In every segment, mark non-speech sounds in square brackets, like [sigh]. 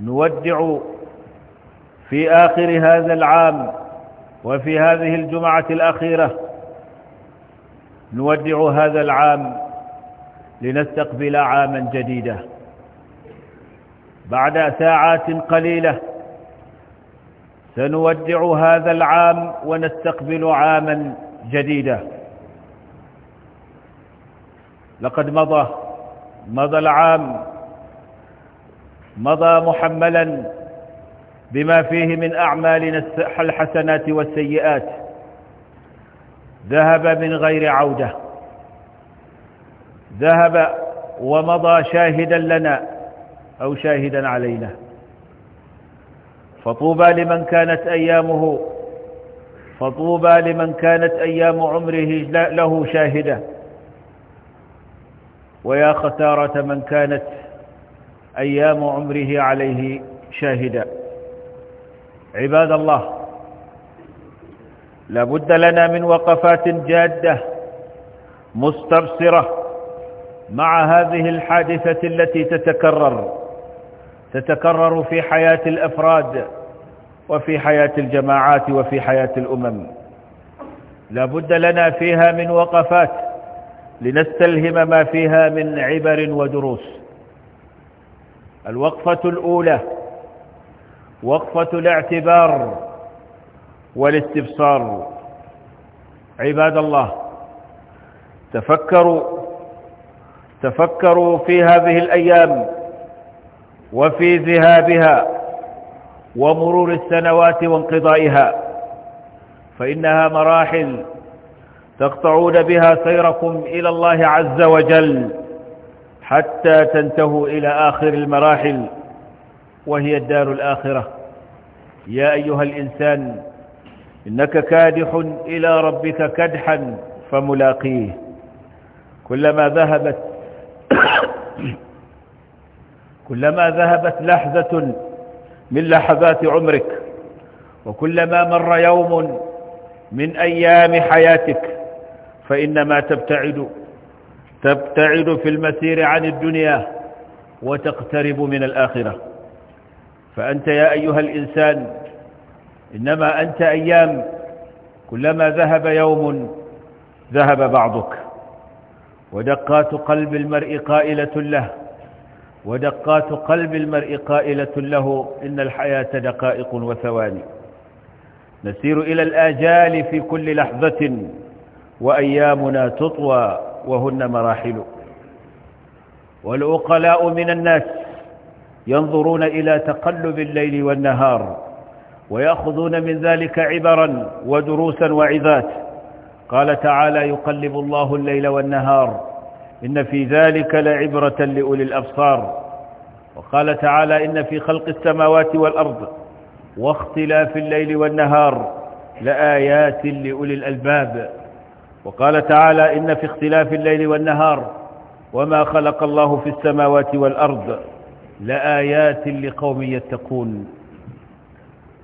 نودع في آخر هذا العام وفي هذه الجمعة الأخيرة نودع هذا العام لنستقبل عاما جديدا بعد ساعات قليلة سنودع هذا العام ونستقبل عاما جديدا لقد مضى مضى العام مضى محملا بما فيه من أعمالنا الحسنات والسيئات ذهب من غير عودة ذهب ومضى شاهدا لنا أو شاهدا علينا فطوبى لمن كانت أيامه فطوبى لمن كانت أيام عمره له شاهدة ويا خسارة من كانت أيام عمره عليه شاهدا عباد الله لابد لنا من وقفات جادة مستبصرة مع هذه الحادثة التي تتكرر تتكرر في حياة الأفراد وفي حياة الجماعات وفي حياة الأمم لابد لنا فيها من وقفات لنستلهم ما فيها من عبر ودروس الوقفة الأولى وقفة الاعتبار والاستبصار عباد الله تفكروا تفكروا في هذه الأيام وفي ذهابها ومرور السنوات وانقضائها فإنها مراحل تقطعون بها سيركم إلى الله عز وجل حتى تنتهوا إلى آخر المراحل وهي الدار الآخرة يا أيها الإنسان إنك كادح إلى ربك كدحا فملاقيه كلما ذهبت [coughs] كلما ذهبت لحظة من لحظات عمرك وكلما مر يوم من أيام حياتك فإنما تبتعد تبتعد في المسير عن الدنيا وتقترب من الآخرة فأنت يا أيها الإنسان إنما أنت أيام كلما ذهب يوم ذهب بعضك ودقات قلب المرء قائلة له ودقات قلب المرء قائلة له إن الحياة دقائق وثواني نسير إلى الآجال في كل لحظة وأيامنا تطوى وهن مراحل والعقلاء من الناس ينظرون إلى تقلب الليل والنهار ويأخذون من ذلك عبرا ودروسا وعظات قال تعالى يقلب الله الليل والنهار إن في ذلك لعبرة لأولي الأبصار وقال تعالى إن في خلق السماوات والأرض واختلاف الليل والنهار لآيات لأولي الألباب وقال تعالى إن في اختلاف الليل والنهار وما خلق الله في السماوات والأرض لآيات لقوم يتقون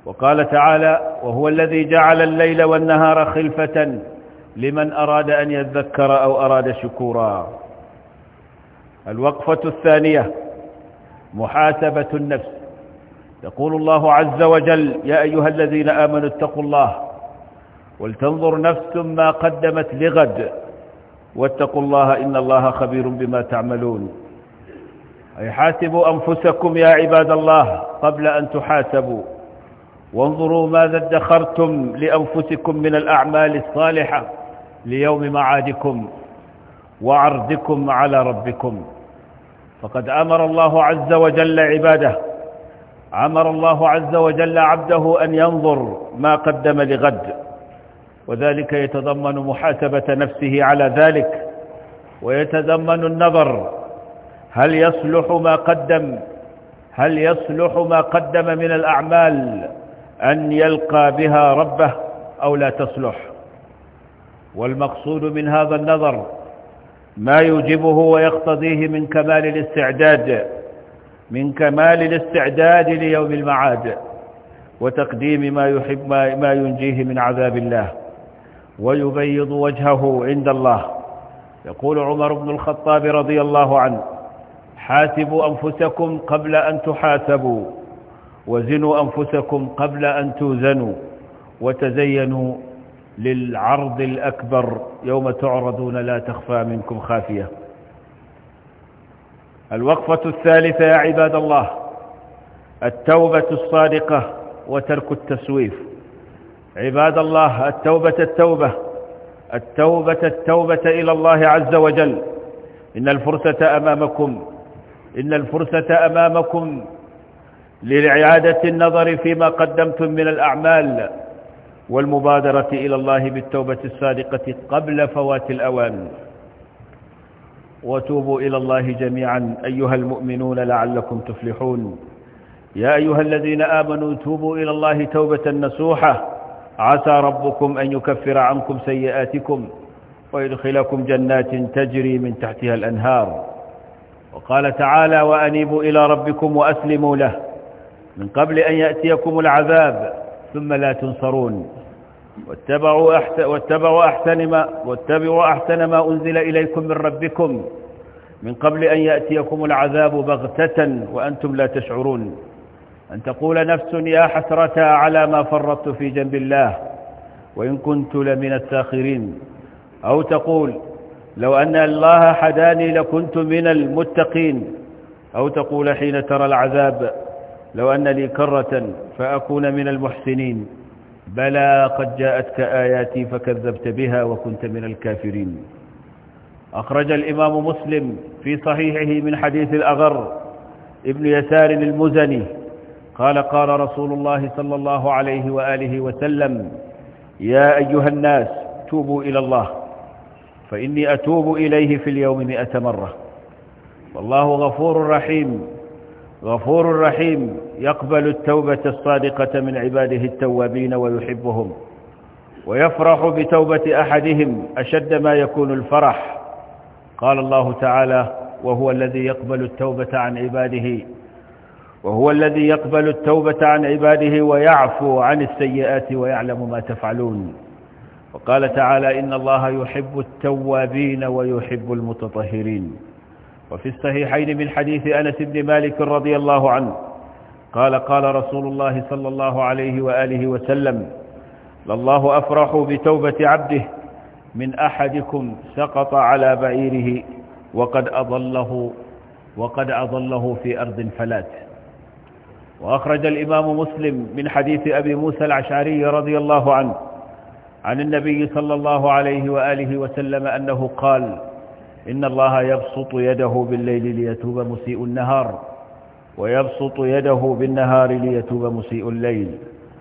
وقال تعالى وهو الذي جعل الليل والنهار خلفة لمن أراد أن يذكر أو أراد شكورا الوقفة الثانية محاسبة النفس يقول الله عز وجل يا أيها الذين آمنوا اتقوا الله ولتنظر نفس ما قدمت لغد واتقوا الله إن الله خبير بما تعملون أي حاسبوا أنفسكم يا عباد الله قبل أن تحاسبوا وانظروا ماذا ادخرتم لأنفسكم من الأعمال الصالحة ليوم معادكم وعرضكم على ربكم فقد أمر الله عز وجل عباده أمر الله عز وجل عبده أن ينظر ما قدم لغد وذلك يتضمن محاسبة نفسه على ذلك ويتضمن النظر هل يصلح ما قدم هل يصلح ما قدم من الأعمال أن يلقى بها ربه أو لا تصلح والمقصود من هذا النظر ما يوجبه ويقتضيه من كمال الاستعداد من كمال الاستعداد ليوم المعاد وتقديم ما يحب ما ينجيه من عذاب الله ويبيض وجهه عند الله يقول عمر بن الخطاب رضي الله عنه حاسبوا أنفسكم قبل أن تحاسبوا وزنوا أنفسكم قبل أن توزنوا وتزينوا للعرض الأكبر يوم تعرضون لا تخفى منكم خافية الوقفة الثالثة يا عباد الله التوبة الصادقة وترك التسويف عباد الله التوبة التوبة التوبة التوبة إلى الله عز وجل إن الفرصة أمامكم إن الفرصة أمامكم لإعادة النظر فيما قدمتم من الأعمال والمبادرة إلى الله بالتوبة الصادقة قبل فوات الأوان وتوبوا إلى الله جميعا أيها المؤمنون لعلكم تفلحون يا أيها الذين آمنوا توبوا إلى الله توبة نصوحة عسى ربكم أن يكفر عنكم سيئاتكم ويدخلكم جنات تجري من تحتها الأنهار وقال تعالى وأنيبوا إلى ربكم وأسلموا له من قبل أن يأتيكم العذاب ثم لا تنصرون واتبعوا أحسن, واتبعوا أحسن, ما, واتبعوا أحسن ما أنزل إليكم من ربكم من قبل أن يأتيكم العذاب بغتة وأنتم لا تشعرون أن تقول نفس يا حسرة على ما فرطت في جنب الله وإن كنت لمن الساخرين أو تقول لو أن الله حداني لكنت من المتقين أو تقول حين ترى العذاب لو أن لي كرة فأكون من المحسنين بلى قد جاءتك آياتي فكذبت بها وكنت من الكافرين أخرج الإمام مسلم في صحيحه من حديث الأغر ابن يسار المزني قال قال رسول الله صلى الله عليه وآله وسلم يا أيها الناس توبوا إلى الله فإني أتوب إليه في اليوم مئة مرة والله غفور رحيم غفور رحيم يقبل التوبة الصادقة من عباده التوابين ويحبهم ويفرح بتوبة أحدهم أشد ما يكون الفرح قال الله تعالى وهو الذي يقبل التوبة عن عباده وهو الذي يقبل التوبة عن عباده ويعفو عن السيئات ويعلم ما تفعلون وقال تعالى إن الله يحب التوابين ويحب المتطهرين وفي الصحيحين من حديث أنس بن مالك رضي الله عنه قال قال رسول الله صلى الله عليه وآله وسلم لله أفرح بتوبة عبده من أحدكم سقط على بعيره وقد أضله وقد أضله في أرض فلات وأخرج الإمام مسلم من حديث أبي موسى العشاري رضي الله عنه عن النبي صلى الله عليه وآله وسلم أنه قال إن الله يبسط يده بالليل ليتوب مسيء النهار ويبسط يده بالنهار ليتوب مسيء الليل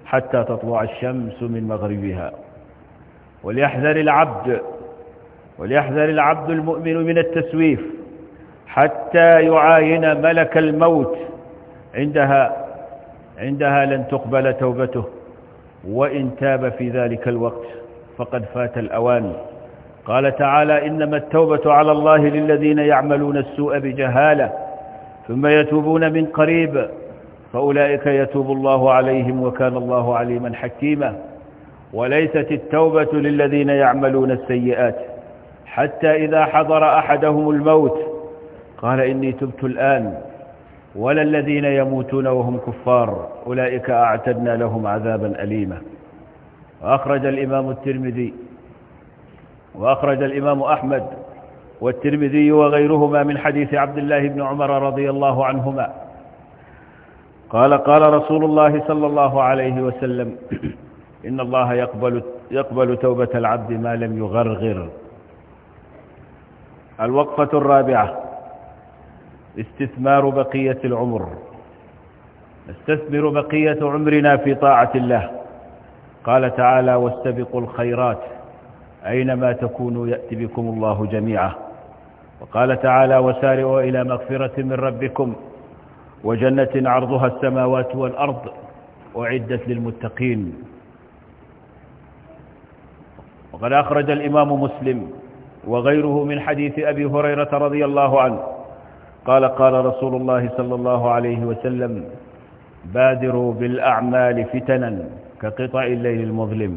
حتى تطلع الشمس من مغربها وليحذر العبد وليحذر العبد المؤمن من التسويف حتى يعاين ملك الموت عندها عندها لن تقبل توبته وإن تاب في ذلك الوقت فقد فات الأوان قال تعالى إنما التوبة على الله للذين يعملون السوء بجهالة ثم يتوبون من قريب فأولئك يتوب الله عليهم وكان الله عليما حكيما وليست التوبة للذين يعملون السيئات حتى إذا حضر أحدهم الموت قال إني تبت الآن ولا الذين يموتون وهم كفار أولئك أعتدنا لهم عذابا أليما وأخرج الإمام الترمذي وأخرج الإمام أحمد والترمذي وغيرهما من حديث عبد الله بن عمر رضي الله عنهما قال قال رسول الله صلى الله عليه وسلم إن الله يقبل, يقبل توبة العبد ما لم يغرغر الوقفة الرابعة استثمار بقية العمر نستثمر بقية عمرنا في طاعة الله قال تعالى واستبقوا الخيرات أينما تكونوا يأتي بكم الله جميعا وقال تعالى وسارعوا إلى مغفرة من ربكم وجنة عرضها السماوات والأرض أعدت للمتقين وقد أخرج الإمام مسلم وغيره من حديث أبي هريرة رضي الله عنه قال قال رسول الله صلى الله عليه وسلم بادروا بالأعمال فتنا كقطع الليل المظلم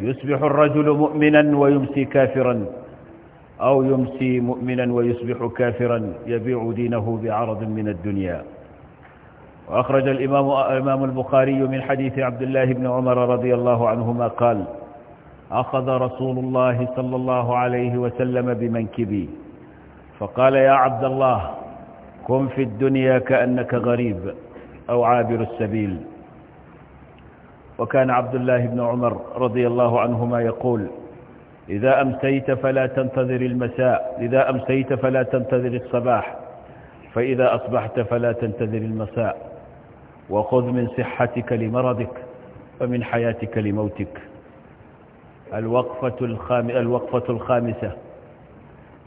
يصبح الرجل مؤمنا ويمسي كافرا أو يمسي مؤمنا ويصبح كافرا يبيع دينه بعرض من الدنيا وأخرج الإمام أمام البخاري من حديث عبد الله بن عمر رضي الله عنهما قال أخذ رسول الله صلى الله عليه وسلم بمنكبي فقال يا عبد الله كن في الدنيا كأنك غريب أو عابر السبيل وكان عبد الله بن عمر رضي الله عنهما يقول إذا أمسيت فلا تنتظر المساء إذا أمسيت فلا تنتظر الصباح فإذا أصبحت فلا تنتظر المساء وخذ من صحتك لمرضك ومن حياتك لموتك الوقفة, الوقفة الخامسة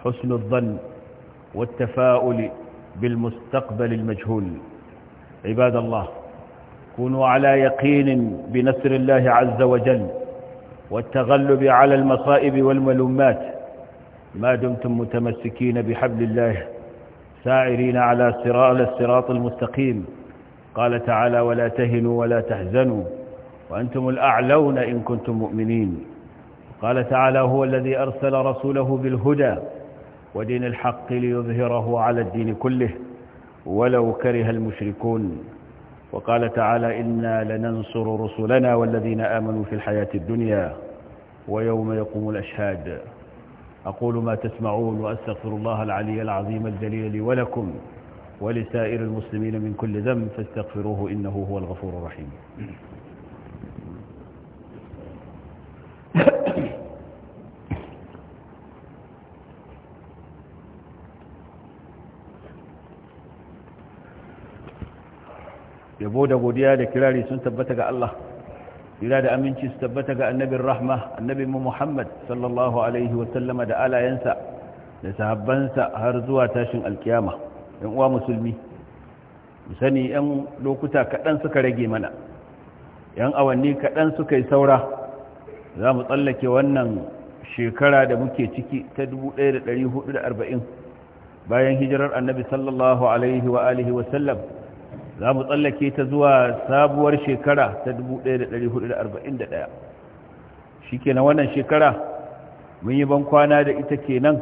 حسن الظن والتفاؤل بالمستقبل المجهول عباد الله كونوا على يقين بنصر الله عز وجل والتغلب على المصائب والملمات ما دمتم متمسكين بحبل الله ساعرين على الصراط المستقيم قال تعالى ولا تهنوا ولا تحزنوا وأنتم الأعلون إن كنتم مؤمنين قال تعالى هو الذي أرسل رسوله بالهدى ودين الحق ليظهره على الدين كله ولو كره المشركون وقال تعالى إنا لننصر رسلنا والذين آمنوا في الحياة الدنيا ويوم يقوم الأشهاد أقول ما تسمعون وأستغفر الله العلي العظيم الجليل لي ولكم ولسائر المسلمين من كل ذنب فاستغفروه إنه هو الغفور الرحيم yabo da godiya da kirari sun tabbata ga Allah jira da aminci su tabbata ga annabin rahma annabin mu Muhammad sallallahu alaihi da alayansa da sahabbansa har zuwa tashin alkiyama yan uwa musulmi mu sani yan lokuta kaɗan suka rage mana yan awanni kaɗan suka yi saura za mu tsallake wannan shekara da muke ciki ta 1440 bayan hijirar annabi sallallahu alaihi wa alihi annabi za mu tsallake ta zuwa sabuwar shekara ta 1441 shi na wannan shekara mun yi ban kwana da ita kenan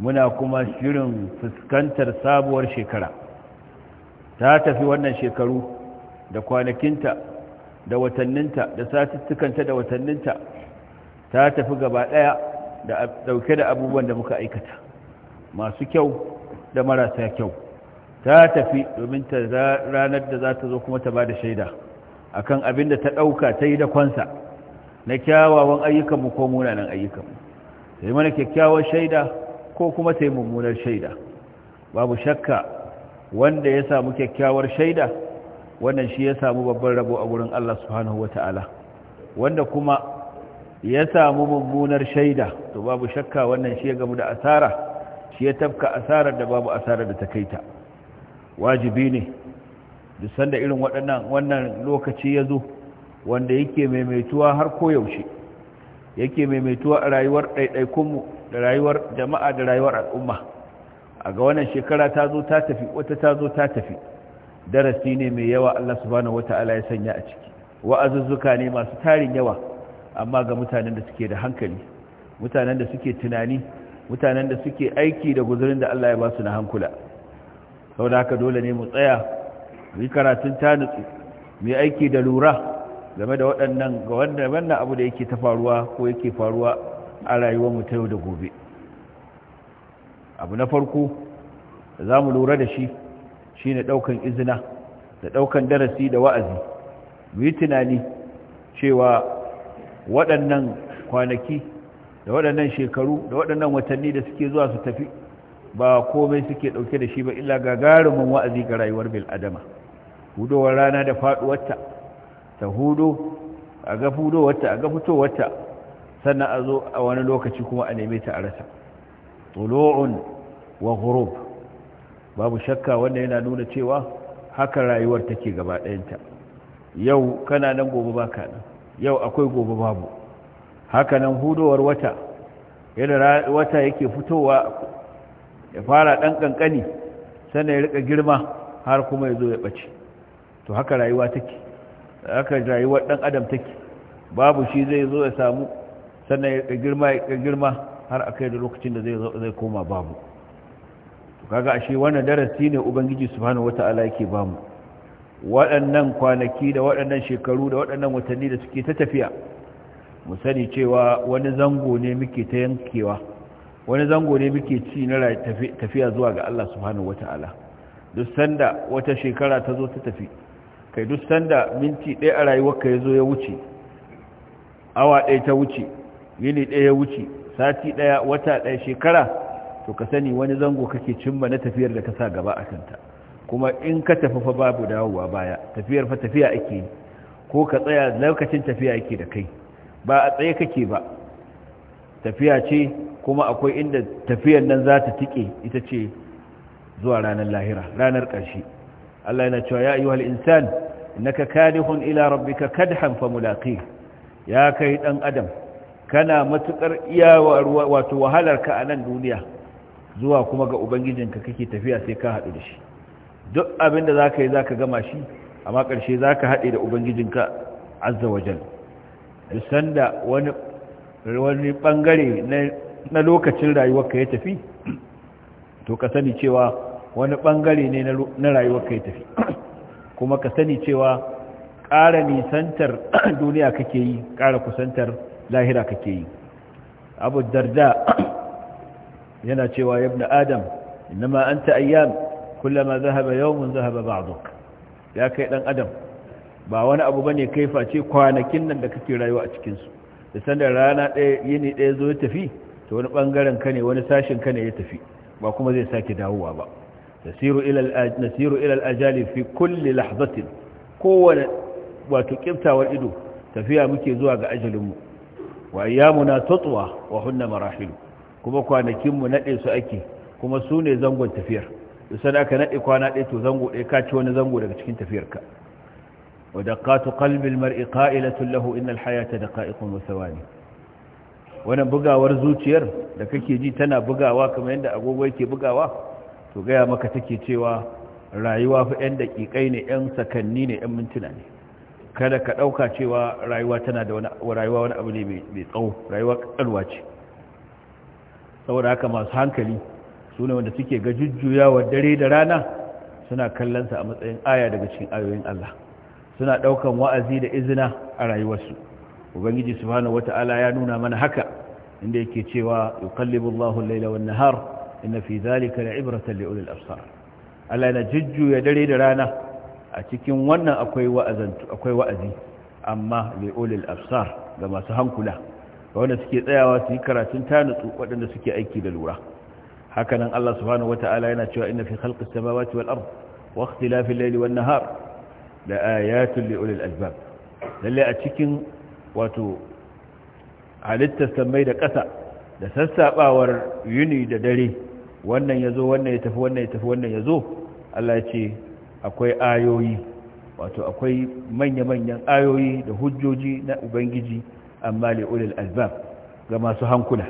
muna kuma shirin fuskantar sabuwar shekara ta tafi wannan shekaru da kwanakinta da watanninta da satuttukanta da watanninta ta tafi gaba ɗaya da ɗauke da abubuwan da muka aikata masu kyau da marasa kyau ta tafi domin ta ranar da za ta zo kuma ta ba da shaida kan abin da ta ɗauka ta yi da kwansa na kyawawan ayyukanmu ko munanan ayyukanmu ta yi mana kyakkyawar shaida ko kuma ta yi mummunar shaida babu shakka wanda ya samu kyakkyawar shaida wannan shi ya samu babban rabo a wurin Allah subhanahu wata'ala wanda kuma ya samu mummunar shaida to babu shakka wannan shi ya gamu da asara shi ya tafka asarar da babu asarar da ta kai ta. wajibi ne duk sanda irin waɗannan wannan lokaci ya zo wanda yake maimaituwa har koyaushe yake maimaituwa a rayuwar ɗaiɗaikunmu da rayuwar jama'a da rayuwar al'umma a ga wannan shekara ta zo ta tafi wata ta zo ta tafi darasi ne mai yawa Allah subhanahu wata'ala ya sanya a ciki wa'azuzzuka ne masu tarin yawa amma ga mutanen da suke da hankali mutanen da suke tunani mutanen da suke aiki da guzurin da Allah ya ba su na hankula saboda haka dole ne mu tsaya mu yi karatun tanutsu mu yi aiki da lura game da waɗannan ga wannan abu da yake ta faruwa ko yake faruwa a rayuwar mu ta yau da gobe abu na farko da za mu lura da shi shi ne ɗaukan izina da ɗaukan darasi da wa'azi mu yi tunani cewa waɗannan kwanaki da waɗannan shekaru da waɗannan watanni da suke zuwa su tafi ba komai suke ɗauke da shi ba illa gagarumin wa'azi ga rayuwar bil'adama hudowar rana da faɗuwarta ta hudo a ga hudowarta a ga fitowarta sannan a zo a wani lokaci kuma a neme ta a rasa tulo'un wa hurub babu shakka wanda yana nuna cewa haka rayuwar take gaba ɗayanta yau kana nan gobe ba ka nan yau akwai gobe babu haka nan hudowar wata yana wata yake fitowa ya fara ɗan ƙanƙani sannan ya rika girma har kuma ya zo ya ɓace to haka rayuwa take haka rayuwar ɗan adam take babu shi zai zo ya samu sannan ya girma ya girma har a kai da lokacin da zai koma babu To kaga ashe wannan darasi ne ubangiji subhanahu wata'ala yake bamu waɗannan kwanaki da waɗannan shekaru da waɗannan watanni da suke ta tafiya mu sani cewa wani zango ne muke ta yankewa wani zango ne muke ci na tafiya zuwa ga Allah subhanahu wata'ala duk sanda wata shekara ta zo ta tafi kai duk sanda minti ɗaya a rayuwarka ya zo ya wuce awa ɗaya ta wuce yini ɗaya ya wuce sati ɗaya wata ɗaya shekara to ka sani wani zango kake cimma na tafiyar da ka sa gaba a kanta kuma in ka tafi fa babu dawowa baya tafiyar fa tafiya ake yi ko ka tsaya lokacin tafiya ake da kai ba a tsaye kake ba tafiya ce kuma akwai inda tafiyar nan za ta tike ita ce zuwa ranar lahira ranar ƙarshe Allah yana cewa ya ayyuhal insan innaka kadihun ila rabbika kadhan famulaqi ya kai dan adam kana matukar iyawa wato wahalar ka a nan duniya zuwa kuma ga ubangijinka kake tafiya sai ka haɗu da shi duk abin da zaka yi zaka gama shi amma ƙarshe zaka haɗe da ubangijinka azza wajal duk sanda wani wani bangare na na lokacin rayuwarka ya tafi to ka sani cewa wani bangare ne na rayuwarka ya tafi kuma ka sani cewa ƙara nisantar [clears throat] duniya kake yi ƙara kusantar lahira kake yi abu darda [clears throat] yana cewa yabna adam innama anta ayyam kullama zahaba yawmun zahaba ba'duk ya kai dan adam ba wani abu bane kai face kwanakin nan da kake rayuwa a cikin su da sanda rana ɗaya yini ɗaya zo ya tafi to wani bangaren ka ne wani sashen ka ne ya tafi ba kuma zai sake dawowa ba nasiru ilal ajali fi kulli lahzatin kowane wato kiftawar ido tafiya muke zuwa ga ajalinmu wa ayyamuna tatwa wa hunna marahilu kuma kwanakinmu nade su ake kuma su ne zangon tafiyar sai aka nade kwana ɗaya to zango ɗaya ka ci wani zango daga cikin tafiyarka wa daqatu qalbi al-mar'i qa'ilatun lahu inna al-hayata daqa'iqun wa thawani wannan bugawar zuciyar da kake ji tana bugawa kamar yadda agogo yake bugawa to gaya maka take cewa rayuwa fa 'yan daƙiƙai ne 'yan sakanni ne 'yan mintuna ne kada ka ɗauka cewa rayuwa tana da rayuwa wani abu ne mai tsawo rayuwa ƙarwa ce saboda haka masu hankali su ne wanda suke ga jujjuyawa dare da rana suna kallonsa a matsayin aya daga cikin ayoyin Allah suna ɗaukan wa'azi da izina a rayuwarsu ubangiji subhanahu wata'ala ya nuna mana haka inda yake cewa yuqallibu Allahu al-laila wan-nahar inna fi dhalika la'ibratan li'ulil absar Allah yana jujjuya dare da rana a cikin wannan akwai wa'azantu akwai wa'azi amma li'ulil absar ga masu hankula wanda suke tsayawa su yi karatun tanutsu waɗanda suke aiki da lura hakanan Allah subhanahu wata'ala yana cewa inna fi khalqis samawati wal ard wa ikhtilafil layli wan nahar la albab lalle a cikin wato halittar sammai da ƙasa da sassaɓawar yini da dare wannan ya zo wannan ya tafi wannan ya tafi wannan ya zo Allah ya ce akwai ayoyi wato akwai manya-manyan ayoyi da hujjoji na ubangiji amma li'ulil albab ga masu hankula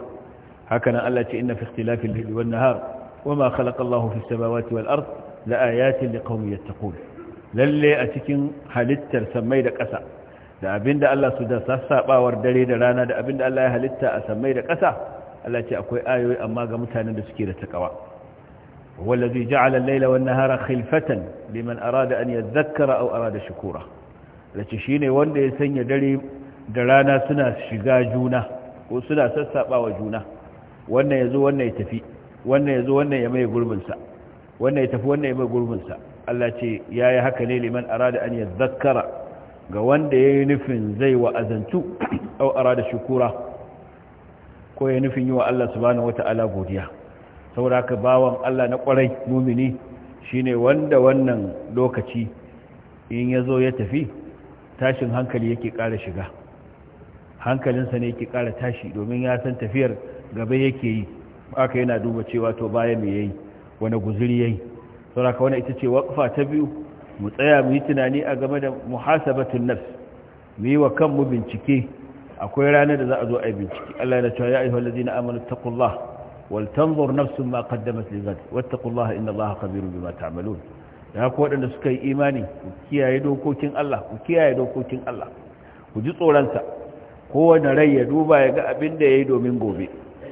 hakanan Allah ce inna fi ikhtilafil layli wan nahar wama khalaqa Allahu fis wal ard laayatin liqaumin yattaqun lalle a cikin halittar sammai da ƙasa da abinda Allah su da sassabawar dare da rana da abinda Allah ya halitta a samai da ƙasa Allah ce akwai ayoyi amma ga mutanen da suke da takawa wallazi ja'ala al-laila wan-nahara khilfatan liman arada an yadhakkara aw arada shukura lace shine wanda ya sanya dare da rana suna shiga juna ko suna sassabawa juna wannan yazo wannan ya tafi wannan yazo wannan ya mai gurbin sa wannan ya tafi wannan ya mai gurbin sa Allah ce yayi haka ne liman arada an yadhakkara ga wanda ya yi nufin zai wa'azantu [coughs] ara da shukura ko ya nufin yi wa Allah wata ala godiya sauraka bawan Allah na kwarai mumini shine wanda wannan lokaci in ya zo ya tafi tashin hankali yake ƙara shiga hankalinsa ne yake ƙara tashi domin ya san tafiyar gaba yake yi aka yana duba cewa to baya mai yayi wani guzuri yayi sauraka wani ita ce waƙafa ta biyu mu tsaya mu yi tunani a game da muhasabatun nafs mu yi wa kanmu bincike akwai ranar da za a zo a yi bincike Allah ya cewa ya ayyuhal ladina amanu taqullah wal tanzur nafsun ma qaddamat li ghad wattaqullaha inna Allaha khabirun bima ta'malun da ku wadanda suka yi imani ku kiyaye dokokin Allah ku kiyaye dokokin Allah ku ji tsoron sa kowane rai ya duba ya ga abin da yayi domin gobe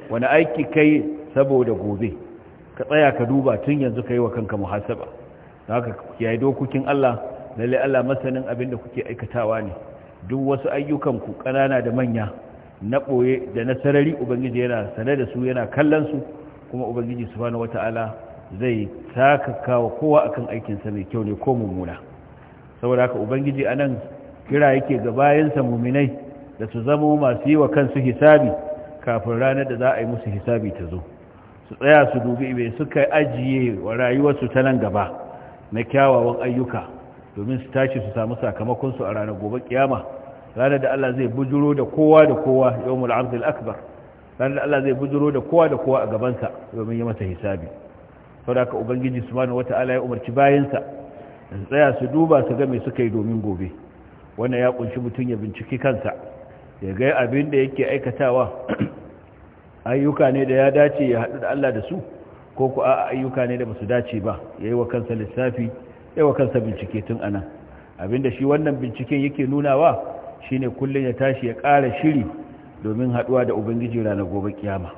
wani aiki kai saboda gobe ka tsaya ka duba tun yanzu kai wa kanka muhasaba haka kiyaye dokokin Allah lalle Allah masanin abin da kuke aikatawa ne duk wasu ayyukan ku kanana da manya na boye da na sarari ubangiji yana sane da su yana kallon su kuma ubangiji subhanahu wataala zai taka kowa akan aikin sa mai kyau ne ko mummuna saboda haka ubangiji anan kira yake ga bayansa muminai da su zama masu yi wa kansu hisabi kafin ranar da za a yi musu hisabi ta zo su tsaya su dubi mai suka ajiye wa rayuwarsu ta nan gaba na kyawawan ayyuka domin su tashi su samu sakamakonsu a ranar gobe kiyama ranar da Allah zai bujuro da kowa da kowa yawmul abdul akbar ranar da Allah zai bujuro da kowa da kowa a gabansa domin yi masa hisabi saboda ka ubangiji subhanahu wata'ala ya umarci bayansa su tsaya su duba su ga me suka yi domin gobe wannan ya kunshi mutum ya binciki kansa ya ga abin da yake aikatawa [clears throat] ayyuka ne da ya dace ya haɗu da Allah da su ko ku a ayyuka ne da ba su dace ba yayi wa kansa lissafi yayi wa kansa bincike tun anan abinda shi wannan binciken yake nunawa shine kullum ya tashi ya ƙara shiri domin haduwa da ubangiji ranar gobe kiyama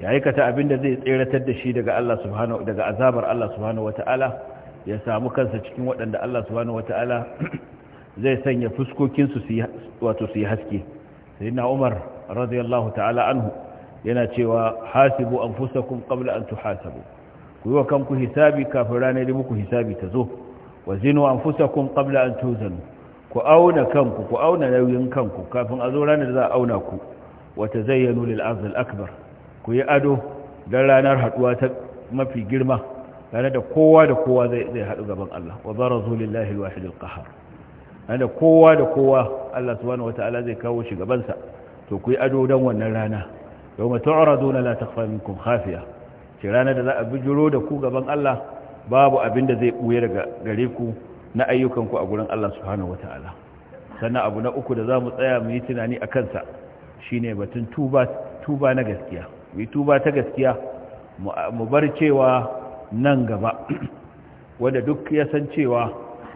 ya aikata abinda zai tseratar da shi daga Allah subhanahu daga azabar Allah subhanahu wataala ya samu kansa cikin waɗanda Allah subhanahu wataala [clears throat] zai sanya fuskokinsu su wato su yi haske na Umar radiyallahu ta'ala anhu yana cewa hasibu an anfusakum ƙabla an tuhasabu ku yi wa kanku hisabi kafin ranar da muku hisabi ta zo wa zinu kun ƙabla an tuzanu ku auna kanku ku auna nauyin kanku kafin a zo ranar za a auna ku wata tazayyanu lil azl akbar ku yi ado don ranar haduwa ta mafi girma ranar da kowa da kowa zai zai hadu gaban Allah wa barazu lillahi alwahid alqahar ranar da kowa da kowa Allah subhanahu wataala zai kawo shi gaban to ku yi ado don wannan rana yau mata dole na takfa minkum kafiya ce ranar da za a bijiro da ku gaban Allah babu abin da zai buye daga gare ku na ayyukan ku a gurin Allah subhanahu wataala sannan abu na uku da za mu tsaya mu yi tunani a kansa shine batun tuba na gaskiya mu yi tuba ta gaskiya mu bar cewa nan gaba wadda duk ya san cewa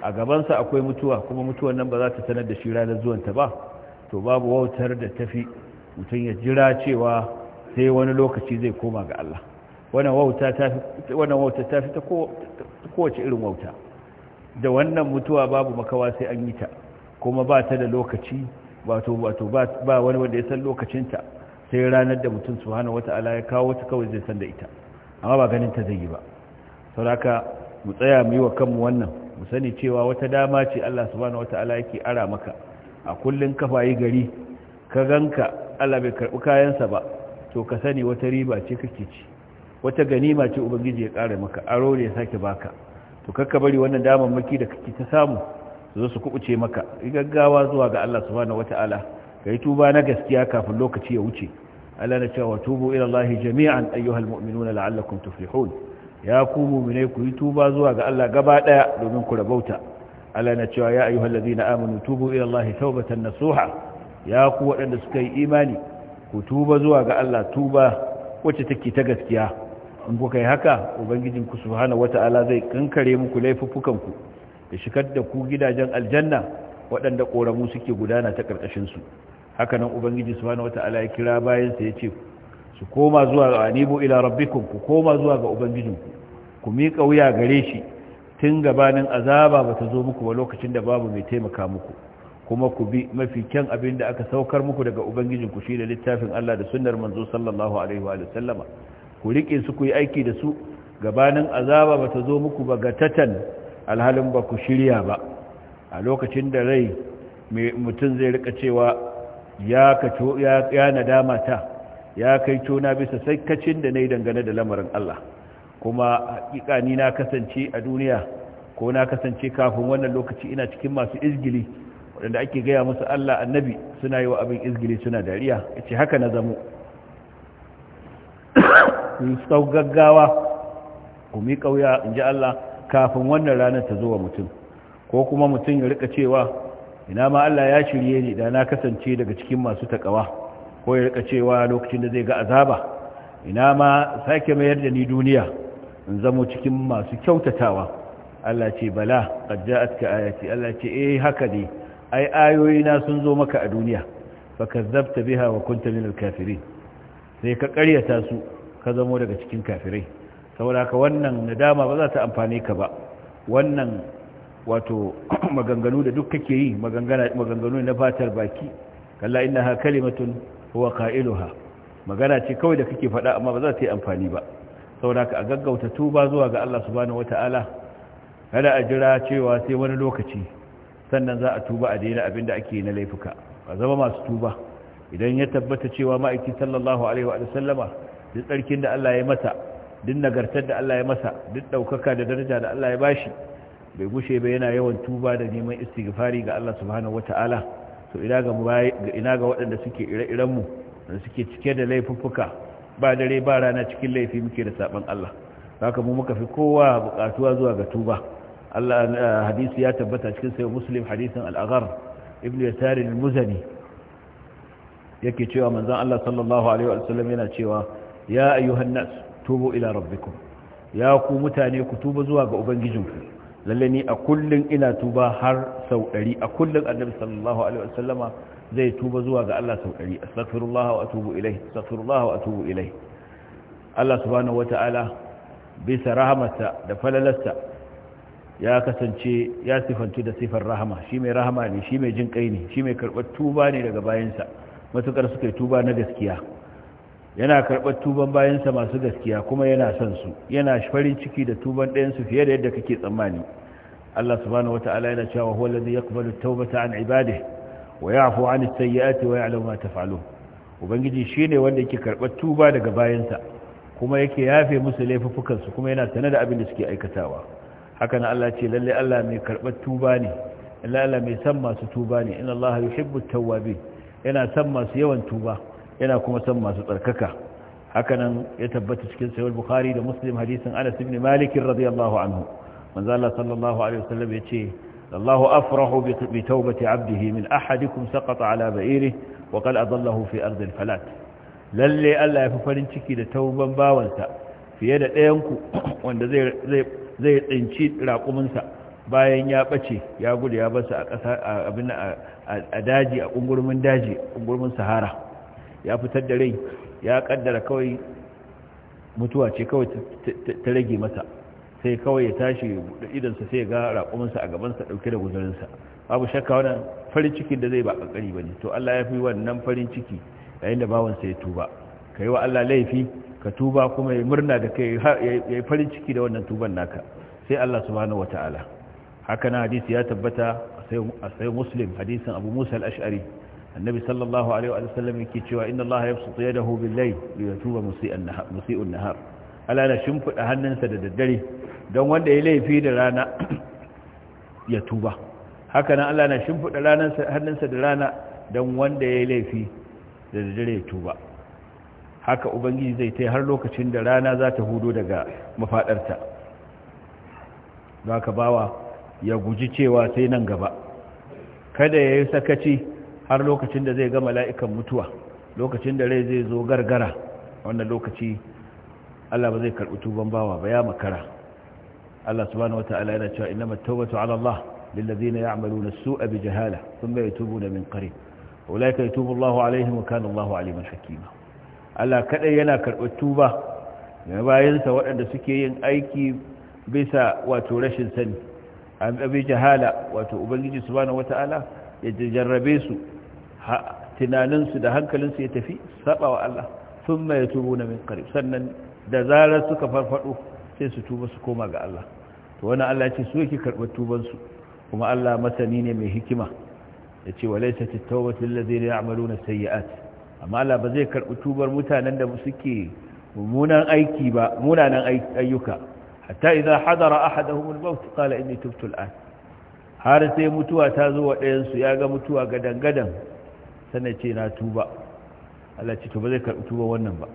a gabansa akwai mutuwa kuma mutuwan nan ba za ta sanar da shi ranar zuwanta ba to babu wautar da tafi mutum ya jira cewa sai wani lokaci zai koma ga Allah wannan wauta ta fi ta kowace irin wauta da wannan mutuwa babu makawa sai an yi ta kuma ba ta da lokaci wato wato ba wani wanda ya san lokacinta sai ranar da mutum wata ala ya kawo ta kawai zai san da ita amma ba ganin ta zai yi ba Sauraka mu tsaya mu yi wa kanmu wannan mu sani cewa wata dama ce Allah subhanahu ala yake ara maka a kullum kafa kafayi gari ka ganka Allah bai karɓi kayansa ba to ka sani wata riba ce kake ci wata ganima ce ubangiji ya ƙara maka aro ne ya sake baka to kakka bari wannan damammaki da kake ta samu zo su kubuce maka gaggawa zuwa ga Allah subhanahu wata'ala kai tuba na gaskiya kafin lokaci ya wuce Allah na cewa tubu ila Allah jami'an ayyuhal mu'minuna la'allakum tuflihun ya ku mu'minai ku yi tuba zuwa ga Allah gaba daya domin ku rabauta Allah na cewa ya ayyuhal ladina amanu tubu ila Allah tawbatan nasuha ya ku waɗanda suka yi imani ku tuba zuwa ga Allah tuba wacce take ta gaskiya in kuka yi haka ubangijin ku subhanahu wata'ala zai kankare muku laifuffukan ku da shikar da ku gidajen aljanna waɗanda koramu suke gudana ta karkashin su haka nan ubangiji subhanahu wata'ala ya kira bayan sa yace su koma zuwa ga anibu ila rabbikum ku koma zuwa ga ubangijin ku ku miƙa wuya gare shi tun gabanin azaba bata zo muku ba lokacin da babu mai taimaka muku kuma ku bi mafi kyan abin da aka saukar muku daga ubangijinku shi da littafin Allah da sunnar manzo sallallahu alaihi wa sallama ku rike su ku yi aiki da su gabanin azaba ba ta zo muku ba ga tatan alhalin ba ku shirya ba a lokacin da rai mutum zai rika cewa ya kaco ya nadama ta ya kai tona bisa sai kacin da nayi dangane da lamarin Allah kuma haƙiƙa ni na kasance a duniya ko na kasance kafin wannan lokaci ina cikin masu izgili Waɗanda ake gaya musu Allah annabi suna yi wa abin izgili suna dariya ce haka na zamo sau gaggawa ku kauya in ji Allah kafin wannan ranar ta zo wa mutum ko kuma mutum ya rika cewa ina ma Allah ya shirye ni da na kasance daga cikin masu takawa ko ya rika cewa lokacin da zai ga azaba ina ma sake mayar da ni duniya in zamo cikin masu kyautatawa Allah ce bala a cikin ayati Allah ce eh haka ne ai na sun zo maka a duniya fa kazzabta biha wa kunta min al-kafirin sai ka ƙaryata su ka zamo daga cikin kafirai saboda ka wannan nadama ba za ta amfane ka ba wannan wato [clears throat] maganganu da duk kake yi maganganu na fatar baki kalla innaha kalimatun huwa qailuha magana ce kawai da kake faɗa amma ba za ta yi amfani ba saboda ka a gaggauta tuba zuwa ga Allah subhanahu wataala kada a jira cewa sai wani lokaci sannan za a tuba a daina abin da ake na laifuka a zama masu tuba idan ya tabbata cewa ma'aiki sallallahu alaihi wa sallama duk tsarkin da Allah ya masa duk nagartar da Allah ya masa duk ɗaukaka da daraja da Allah ya bashi bai gushe ba yana yawan tuba da neman istighfari ga Allah subhanahu wata'ala to ina ga ina ga waɗanda suke ire-iren mu da suke cike da laifuffuka ba dare ba rana cikin laifi muke da saban Allah haka mu muka fi kowa buƙatuwa zuwa ga tuba Allah eh, hadisi ya tabbata cikin sai muslim hadisin al ibn yasar al-muzani yake cewa manzan Allah sallallahu alaihi wa yana cewa ya ayyuhan nas tubu ila rabbikum ya ku mutane ku tuba zuwa ga ubangijinku lalle ni a kullun ina tuba har sau ɗari. a kullun annabi sallallahu alaihi wa zai tuba zuwa ga Allah sau ɗari. astaghfirullah wa atubu ilayhi astaghfirullah wa atubu ilayhi Allah subhanahu wataala bisa rahamarsa da falalarsa ya kasance ya sifantu da sifar rahama shi mai rahama ne shi mai jin kai ne shi mai karɓar tuba ne daga bayansa matukar suka yi tuba na gaskiya yana karɓar tuban bayansa masu gaskiya kuma yana son su yana farin ciki da tuban ɗayansu fiye da yadda kake tsammani Allah subhanahu wata'ala yana cewa huwa allazi yaqbalu tawbata an ibadihi wa ya'fu 'an as-sayyi'ati wa ya'lamu ma taf'alun ubangiji shine wanda yake karɓar tuba daga bayansa kuma yake yafe musu laifukan su kuma yana sanar da abin da suke aikatawa haka na Allah ce lalle Allah mai karɓar tuba ne lalle Allah mai san masu tuba ne inna Allah yuhibbu tawwabin yana san masu yawan tuba yana kuma san masu tsarkaka haka nan ya tabbata cikin sahih bukhari da muslim hadisin Anas ibn Malik radiyallahu anhu manzo Allah sallallahu alaihi wasallam ce Allahu afrahu bi tawbati 'abdihi min ahadikum saqata ala ba'irihi wa qad adallahu fi ardi al-falat lalle Allah ya fi farin ciki da tauban bawansa fiye da ɗayanku wanda zai zai tsinci raƙuminsa bayan ya ɓace ya gudu ya basu a ƙasa abin a daji a ƙungurmin daji ƙungurmin sahara ya fitar da rai ya ƙaddara kawai mutuwa ce kawai ta rage masa sai kawai ya tashi da idansa sai ga raƙuminsa a gabansa ɗauke da guzurinsa babu shakka wannan farin ciki da zai ba ƙaƙari ba ne to allah ya fi wannan farin ciki yayin da bawansa ya tuba ka yi wa allah laifi ka tuba kuma ya murna da kai ya yi farin ciki da wannan tuban naka sai Allah subhanahu wata'ala haka na hadisi ya tabbata a sai muslim hadisin abu musa al-ash'ari annabi sallallahu alaihi wa sallam yake cewa inna Allah ya yabsutu yadahu bil layl li yatuba musii'un nahar Allah na shimfida hannunsa da daddare don wanda ya laifi da rana ya tuba haka nan Allah na shimfida hannunsa da rana don wanda ya laifi da daddare ya tuba haka ubangiji zai ta har lokacin da rana za ta daga mafadarta za ka bawa ya guji cewa sai nan gaba kada ya yi sakaci har lokacin da zai gama laikan mutuwa lokacin da rai zai zo gargara wannan lokaci Allah ba zai karɓi tuban bawa ba ya makara Allah subhanahu wa ta'ala yana cewa inna mattaubatu ala Allah lillazina ya'maluna as-su'a bi jahala thumma yatubuna min qarib ulaika yatubu allah alaihim wa kana Allahu aliman hakima Allah kadai yana karɓar tuba na bayansa waɗanda suke yin aiki bisa wato rashin sani an abi jahala wato ubangiji subhanahu wata'ala ya jarrabe su tunaninsu da hankalinsu ya tafi saba wa Allah sun mai tubu na min karib sannan da zarar suka farfado sai su tuba su koma ga Allah to wani Allah ce su yake karɓar tubansu kuma Allah masani ne mai hikima ya ce laisa tattawatu lillazina ya'maluna sayyi'ati amma Allah ba zai karɓi tubar mutanen da suke munan aiki ba munanan ayyuka hatta idza hadara ahaduhum al-maut qala inni tubtu al-an har sai mutuwa ta zo wa ɗayan su ya ga mutuwa gadan gadan sannan ce na tuba Allah ce to ba zai karɓi tuba wannan ba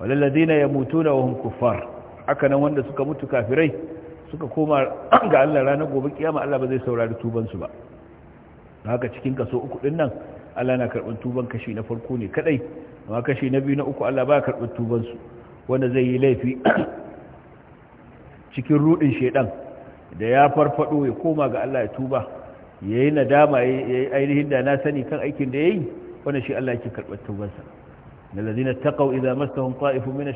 walal ladina yamutuna wa hum kuffar haka nan wanda suka mutu kafirai suka koma ga Allah ranar gobe kiyama Allah ba zai saurari tubansu ba haka cikin kaso uku din nan Allah na karɓar tuban kashi na farko ne kaɗai amma kashi na biyu na uku Allah ba karɓar tubansu wanda zai yi laifi cikin ruɗin shaiɗan da ya farfaɗo ya koma ga Allah ya tuba yayi nadama yi ainihin da na sani kan aikin da yayi wanda shi Allah yake karɓar tuban sa الذين اتقوا إذا مسهم طائف من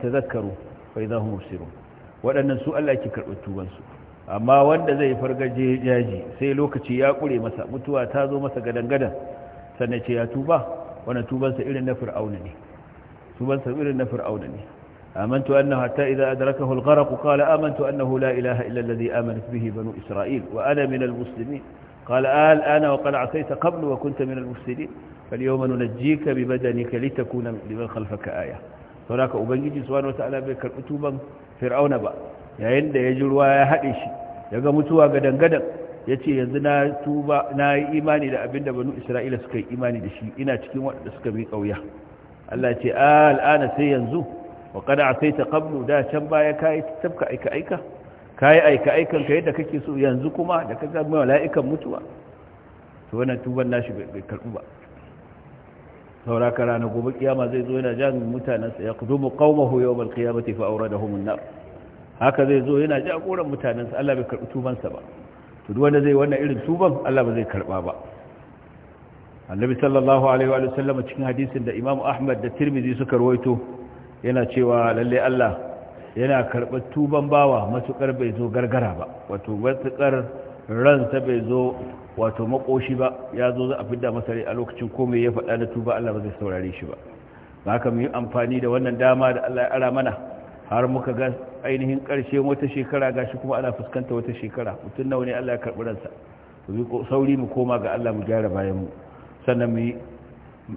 ta zakaru فإذا هم مبصرون waɗannan su Allah ke karɓar tubansu amma wanda zai fargaje jaji sai lokaci ya ƙure masa mutuwa ta zo masa gadangadan sannan ce ya tuba wani tubansa irin na fir'auna ne tubansa irin na fir'auna ne آمنت أنه حتى إذا أدركه الغرق قال آمنت أنه لا إله إلا الذي آمنت به بنو إسرائيل وأنا من المسلمين قال آل أنا وقد عصيت قبل وكنت من المفسدين فاليوم ننجيك ببدنك لتكون لمن خلفك آية فهناك أبنجي سبحانه وتعالى بك الأتوبا فرعون بقى يعني يجروا يا هدش يقى متوا قدن قدن ya ce yanzu na tuba na yi imani da abinda banu isra'ila suka yi imani da shi ina cikin waɗanda suka bi ƙauya Allah ce ah, al'ana sai yanzu wa kada a sai ta ƙablu da can baya ka yi tafka aika-aika ka yi aika-aikan ka yadda kake so yanzu kuma da ka zama mala'ikan mutuwa to wannan tuban nashi bai karɓi ba saura ka rana gobe kiyama zai zo yana jan mutanensa ya mu kudumu qaumahu yawmal qiyamati fa awradahum an-nar haka zai zo yana jagoran mutanensa Allah bai karɓi tubansa ba to duk wanda zai wannan irin tuban Allah ba zai karba ba annabi sallallahu alaihi wa sallam cikin hadisin da imamu ahmad da tirmidhi suka rawaito yana cewa lalle Allah yana karɓar tuban bawa matukar bai zo gargara ba wato matukar ransa bai zo wato makoshi ba ya zo a fidda masa a lokacin komai ya faɗa da tuba Allah ba zai saurare shi ba ba haka mu yi amfani da wannan dama da Allah ya ara mana har muka ga ainihin ƙarshe wata shekara gashi kuma ana fuskanta wata shekara mutum nawa ne Allah ya karɓi ransa sauri mu koma ga Allah mu gyara bayan mu sannan mu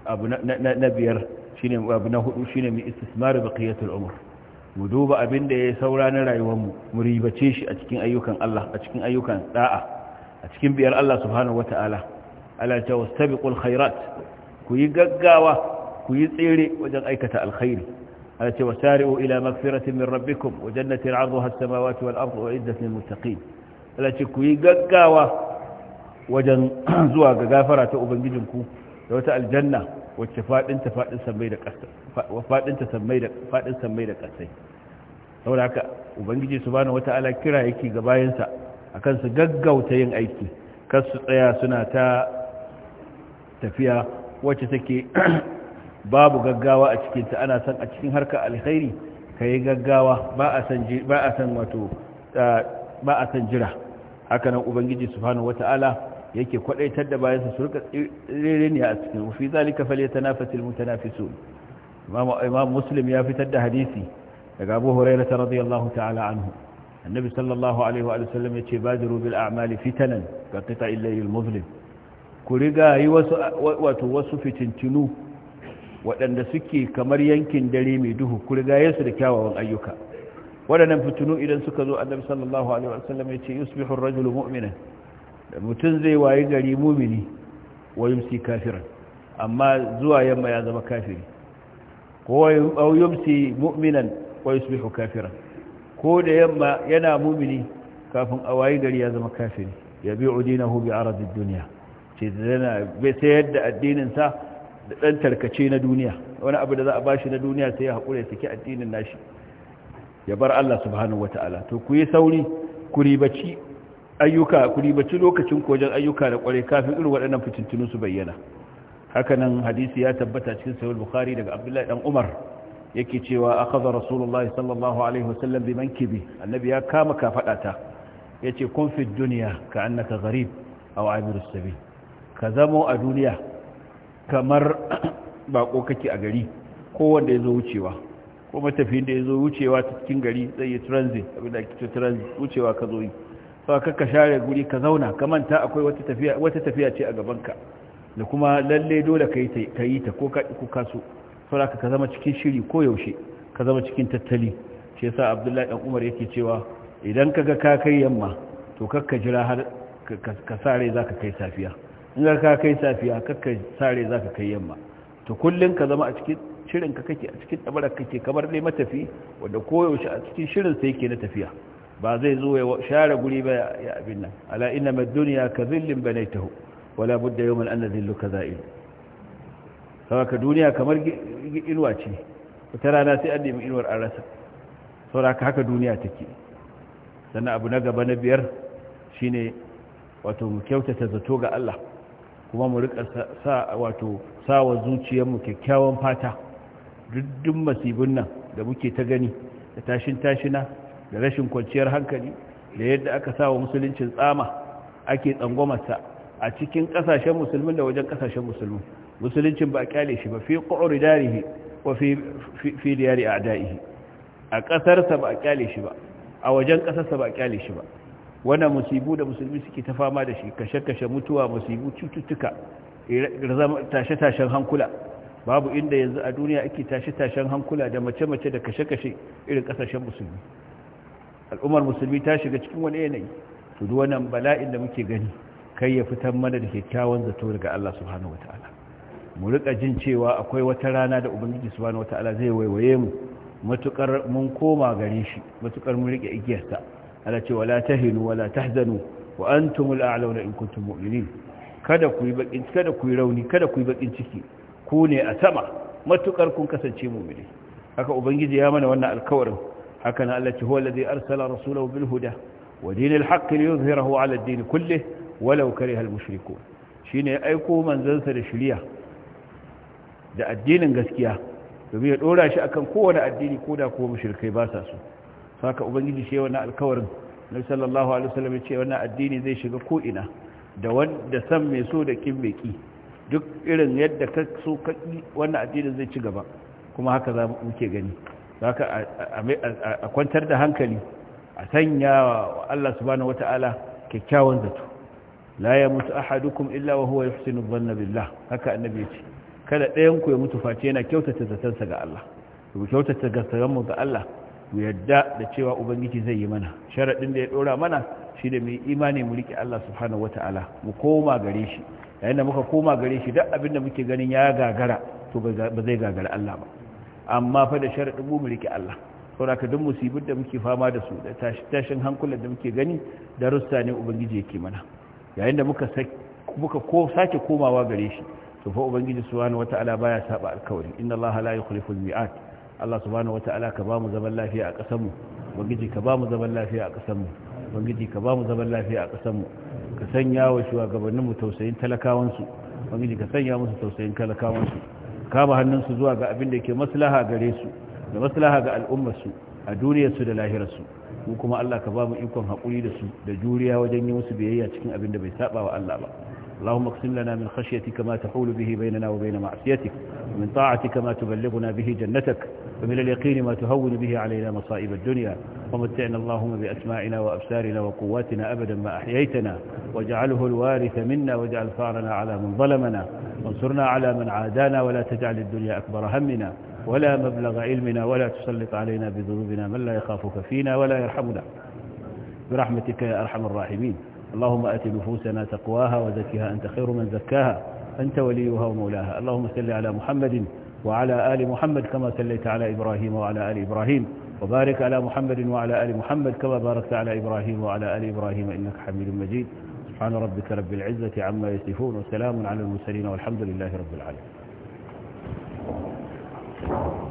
abu na biyar shine abu na hudu shine mu istismar baqiyatul umr mu duba abin da ya saura na rayuwar mu mu ribace shi a cikin ayyukan Allah a cikin ayyukan da'a a cikin biyar Allah subhanahu wataala ala ta wastabiqul khairat ku yi gaggawa ku yi tsere wajen aikata alkhairi التي وسارئوا إلى مغفرة من ربكم وجنة عرضها السماوات والأرض وعزة للمتقين التي كوي قاوة وجن زوا قافرة أبنجنكم لوتا الجنة والشفاء انت فاء سمي لك أسر وفاء انت سمي لك فاء سمي لك أسر saboda haka ubangiji subhanahu wata'ala kira yake ga bayansa akan su gaggauta yin aiki kar su tsaya suna ta tafiya wacce take babu gaggawa a cikinta ana son a cikin harkar alkhairi ka yi gaggawa ba a san wato ba a san jira haka nan ubangiji subhanahu wata'ala yake kwadaitar da bayan su rika tsirreniya a cikin wufi zalika falyatanafasul mutanafisun imamu imam muslim ya fitar da hadisi daga abu hurairah radiyallahu ta'ala anhu annabi sallallahu alaihi wa sallam yace badiru bil a'mali fitanan ka qita'il layl muzlim ku riga yi wasu wato wasu fitintinu waɗanda suke kamar yankin dare mai duhu ku riga su da kyawawan ayyuka waɗannan fitinu idan suka zo annabi sallallahu alaihi wasallam yace yusbihu ar-rajulu mu'mina da mutun zai wayi gari mu'mini wa yumsi kafiran amma zuwa yamma ya zama kafiri ko yumsi mu'minan wa yusbihu kafiran ko da yamma yana mu'mini kafin a wayi gari ya zama kafiri yabi'u dinahu bi arad ad-dunya ce zai sayar da addinin sa da ɗan tarkace na duniya wani abu da za a bashi na duniya sai ya haƙura ya saki addinin nashi ya bar Allah subhanahu wata'ala to ku yi sauri ku ribaci ayyuka ku ribaci lokacin kojan ayyuka da kware kafin irin waɗannan fitintunu su bayyana hakanan hadisi ya tabbata cikin sahih bukhari daga abdullahi dan umar yake cewa akhadha rasulullah sallallahu alaihi wasallam bi mankibi annabi ya kama kafadata yace kun fi dunya ka annaka gharib aw abirus sabil ka zamo a duniya kamar [clears throat] bako kake a gari ko wanda ya zo wucewa ko matafiyin da ya zo wucewa ta cikin gari zai yi transit abin da ake transit wucewa ka zo yi sau ka share guri ka zauna ka manta akwai wata tafiya ce a gaban ka da kuma lalle dole ka yi ta ko ka so sauraka ka zama cikin shiri ko yaushe ka zama cikin tattali shi yasa abdullahi dan umar yake cewa idan kaga ka kai yamma to kakka jira har ka sare zaka kai safiya idan ka kai safiya kakka sare za ka kai yamma to kullum ka zama a cikin shirin ka kake a cikin tabarar kake kamar dai matafi wadda koyaushe a cikin shirin sai yake na tafiya ba zai zo ya share guri ba ya abin nan ala ina mai duniya ka zillin banaitahu wala budda yawman an zillu kaza'il saboda duniya kamar inuwa ce wata rana sai an nemi inuwar an rasa saboda haka duniya take sannan abu na gaba na biyar shine wato mu kyautata zato ga Allah kuma mu rika sa wato sawa zuciyarmu kyakkyawan fata duk masibin nan da muke ta gani da tashin tashina da rashin kwanciyar hankali da yadda aka sawa musuluncin tsama ake tsangwamarsa a cikin kasashen musulmin da wajen kasashen musulmin musuluncin ba a kyale shi ba fi ƙo'uri darihi ko fi diyari a da'ihi a ƙasarsa ba a kyale shi ba a wajen ƙasarsa ba a kyale shi ba wannan musibu da musulmi suke ta fama da shi kashe-kashe mutuwa musibu cututtuka tashe-tashen hankula babu inda yanzu a duniya ake tashe-tashen hankula da mace-mace da kashe-kashe irin kasashen musulmi al'ummar musulmi ta shiga cikin wani yanayi to duk wannan bala'in da muke gani kai ya fitar mana da kyakkyawan zato daga Allah subhanahu wataala mu rika jin cewa akwai wata rana da ubangiji subhanahu wataala zai waiwaye mu matukar mun koma gare shi matukar mun rike igiyarsa ala ce wala tahinu wala tahzanu wa antumul a'launa in kuntum mu'minin kada ku yi bakin kada ku yi rauni kada ku yi bakin ciki ku ne a sama matukar kun kasance mu'mini haka ubangiji ya mana wannan alkawarin haka na Allah ce huwa allazi arsala rasulahu bil huda wa dinil haqqi liyuzhirahu ala ad-din kullih walau kariha al-mushrikun shine aiko manzansa da shari'a da addinin gaskiya domin ya dora shi akan kowane addini koda ko mushrikai ba sa so saka ubangiji shi wannan alkawarin nabi sallallahu alaihi wasallam ya ce wannan addini zai shiga ko ina da wanda san mai so da kin mai ki duk irin yadda ka so ka ki wannan addini zai ci gaba kuma haka za mu ke gani saka a kwantar da hankali a sanya wa Allah subhanahu wataala kyakkyawan zato la ya mutu ahadukum illa wa huwa yuhsinu dhanna billah haka annabi ya ce kada ɗayan ku ya mutu face yana kyautata zatansa ga Allah ku kyautata mu ga Allah mu yadda da cewa ubangiji zai yi mana sharaɗin da ya ɗora mana shi da mu imani mu riƙe Allah subhanahu wata'ala mu koma gare shi yayin da muka koma gare shi duk abin da muke ganin ya gagara to ba zai gagara Allah ba amma fa da sharaɗin mu mu riƙe Allah saboda duk musibin da muke fama da su da tashin hankulan da muke gani da rusta ne ubangiji yake mana yayin da muka muka ko sake komawa gare shi to fa ubangiji subhanahu wata'ala baya saba alkawari inna Allah la yukhlifu al-mi'ad Allah subhanahu wata'ala ka ba zaman lafiya a ƙasar mu ka bamu zaman lafiya a ƙasar mu ka bamu zaman lafiya a ƙasar mu ka sanya wa shugabannin mu tausayin talakawan su ka sanya musu tausayin talakawan su kama hannun su zuwa ga abin da yake maslaha gare su da maslaha ga al'ummar su a duniyar su da lahirar su mu kuma Allah ka bamu ikon haƙuri da su da juriya wajen yi musu biyayya cikin abin da bai saba wa Allah ba اللهم اقسم لنا من خشيتك ما تحول به بيننا وبين معصيتك ومن طاعتك ما تبلغنا به جنتك ومن اليقين ما تهون به علينا مصائب الدنيا ومتعنا اللهم بأسماعنا وأبصارنا وقواتنا أبدا ما أحييتنا واجعله الوارث منا واجعل ثارنا على من ظلمنا وانصرنا على من عادانا ولا تجعل الدنيا أكبر همنا ولا مبلغ علمنا ولا تسلط علينا بذنوبنا من لا يخافك فينا ولا يرحمنا برحمتك يا أرحم الراحمين اللهم أت نفوسنا تقواها وزكها أنت خير من زكاها أنت وليها ومولاها اللهم صل على محمد وعلى آل محمد كما صليت على إبراهيم وعلى آل إبراهيم وبارك على محمد وعلى آل محمد كما باركت على إبراهيم وعلى آل إبراهيم إنك حميد مجيد سبحان ربك رب العزة عما يصفون وسلام على المرسلين والحمد لله رب العالمين